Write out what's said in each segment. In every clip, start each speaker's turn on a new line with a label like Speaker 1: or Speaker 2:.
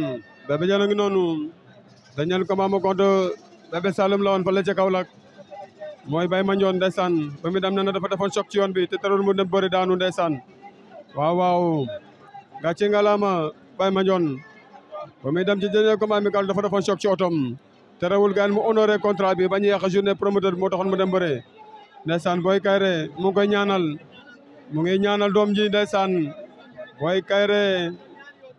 Speaker 1: Hmm. Bébé Diène a ngi noonu dañu ko maama contre Bébé Saloum la woon fële ca Kaolack mooy Baye Mandione ndeysaan ba mu dem na dafa defoon choc ci yoon bi te terul mu dem bëri daanu ndeysaan waaw waaw gàcce ngalaama Baye Mandione ba muy dem ci dernier combat mi dafa defoon choc ci otom gaan mu honoré contrat bi bañ a yàq journée promoteur bi moo taxoon mu dem bëre ndeysaan booy kayre mu ngi koy ñaanal mu ngi ñaanal doom ji ndeysaan booy kayre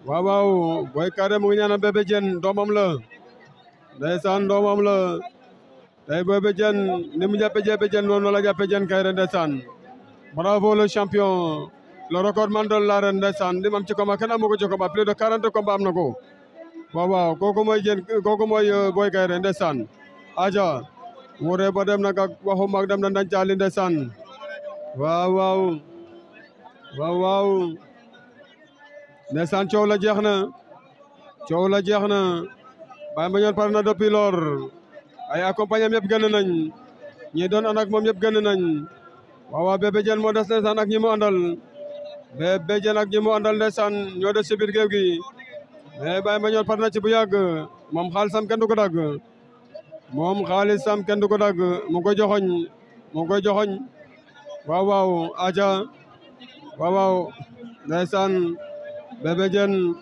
Speaker 1: waaw waaw Boy Kairé mu ngi ñaanal Bébé Diène doomam la ndeysaan doomam la tey Bébé Diène ni mu jàppe Bébé Diène noonu la jàppe Diène Kairé ndeysaan bravo le champion le recordman de l'arène ndeysaan li ci combat kenn amu ko ci combat plus de quarante combat am na ko waaw waaw kooku mooy Diène kooku mooy euh, Boy aja wuree ba dem ka waxu dem na ndancaali ndeysaan waaw waaw ndeysaan coow la jeex na coow la jeex na Baye Mandione pare na depuis lor ay accompagné am yëpp gën nañ ñi doon moom yëpp gën nañ waaw waaw bébé Diène moo des ndeysaan ak ñi mu àndal bébé Diène ak ñi mu àndal ndeysaan ñoo des ci biir gi mais eh, Baye Mandione pare na ci bu yàgg moom xaalisam kenn du ko dagg moom xaalisam kenn du ko dagg mu koy joxoñ mu koy joxoñ waaw aja waaw waaw Bébé Diène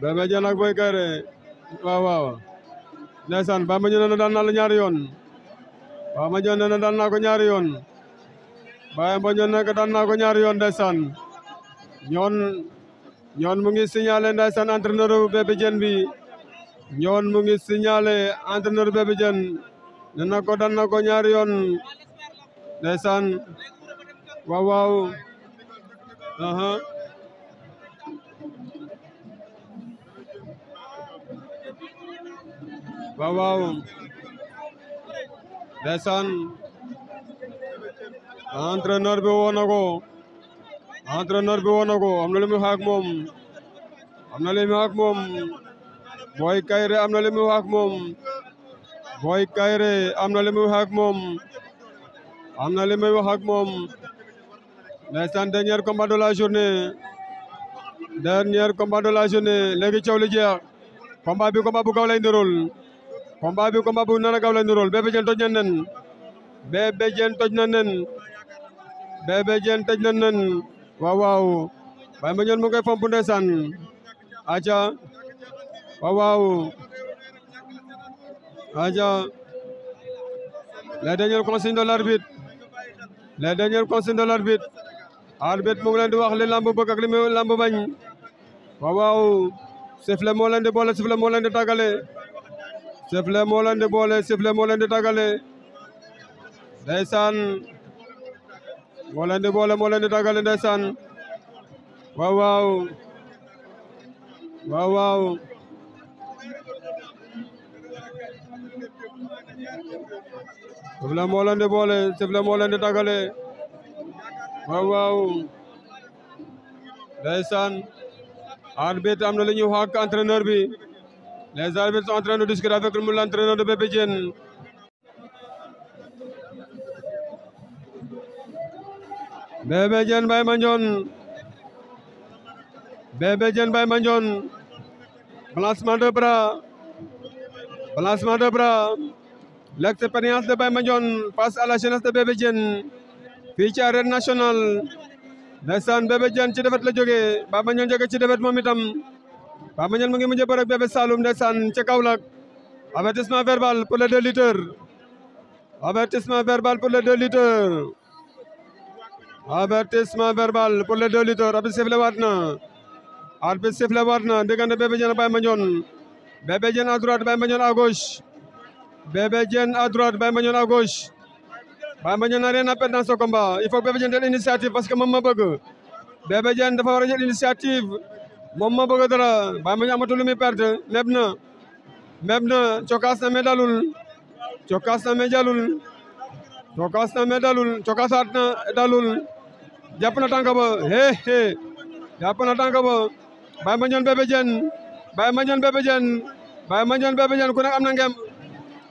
Speaker 1: Bébé Diène ak Boy Kayré waaw waaw ndeysaan Bamba na daan naa ñaari yoon Bamba Diène nee na daan naa yoon Baye Mboñ nee na daan yoon ndeysaan ñoon ñoon mu ngi signalé ndeysaan entraîneur Bébé bi ñoon mu ngi signalé entraîneur na ko daan na ñaari yoon ndeysaan waaw waaw भवाऊ बेसन आंत्रनर बेवनागो आंत्रनर बेवनागो हमनले में हाक मोम हमनले में हाक मोम बॉय कायरे हमनले में हाक मोम बॉय कायरे हमनले में हाक मोम हमनले में हाक मोम बेसन डेनियर combat de la journée dernier combat de la journée léegi coow li jeex combat bi combat bu nana gaw la bebe jeen Diène toj na bebe Bébé Diène toj na nen Bébé Diène toj na waaw waaw waaye ma ñoon mu ngay fomp ndeysaan bit waaw waaw aca la dernier consignes de l'arbitre Wow wow, consignes de l'arbitre arbitre mo ngi leen di wax li lamb bëgg ak li lamb bañ waaw waaw sifle mo di bolé sifle mo di tagalé Sifle moo leen di boole sefle moo leen di tagale Ndaysan. moo leen di boole moo leen di tagale ndaysan. waaw waaw waaw waaw Sifle moo leen di boole sefle moo leen di tagale waaw waaw Ndaysan. arbitre am na lu ñuy wax ak entraîneur bi Les arbitres sont en de discuter avec l'entraîneur de Bébé Diène. Bébé Diène Baye Mandione. Bébé de bras. Balancement de bras. L'expérience de Baye Mandione passe à la jeunesse de Bébé Diène. fii ci arène nationale. ci defet la jógee Baye Mandione jóge ci defet moom itam. Pape mo ngi mu bëre ak Bébé Saloum ndessane ci Kaolack avertissement verbal pour les 2 lutteurs avertissement verbal pour les 2 lutteurs avertissement verbal pour les liter. lutteurs arbitre sifflé waat na arbitre sifflé waat na diggante Bébé Diène Baye Mandione Bébé Diène à droite Baye Mandione à gauche Bébé Diène à droite Baye Mandione à gauche Baye Mandione n'a rien à perdre dans ce combat il faut que Bébé Diène jël l'initiative parce que mom ma bëgg Bébé Diène dafa wara jël initiative moom ma bëgg dara Baye Mandione perte meb na meb na me dalul cokaas me jalul cokaas me dalul cokaasaat dalul jàpp na ba hee hee jàpp ba Baye Mandione Bébé Diène Baye Mandione Bébé Diène Baye Mandione Bébé Diène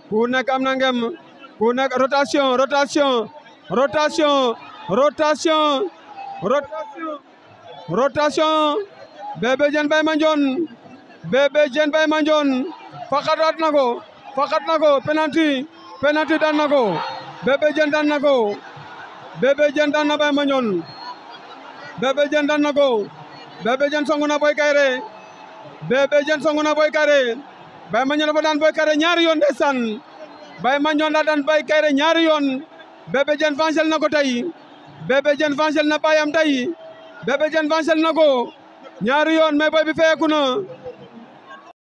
Speaker 1: ku nekk am na ngem ku nekk am na ngem ku nekk Bébé Diène Baye Mandione Bébé Diène Baye Mandione faxataat na ko faxat na ko penalty penalty daan na ko Bébé Diène daan na ko Bébé Diène daan na Baye Mandione Bébé Diène daan na ko Bébé Diène songu na Boy Kaïré Bébé Diène songu na Boy Kaïré Baye Mandione dafa daan Boy Kaïré ñaari yoon ndeysaan Baye Mandione daa daan Boy Kaïré ñaari yoon Bébé Diène vengel na ko tey Bébé Diène vengel na baayam tey Bébé Diène vengel na ko ñaari yoon mais boy bi feeku na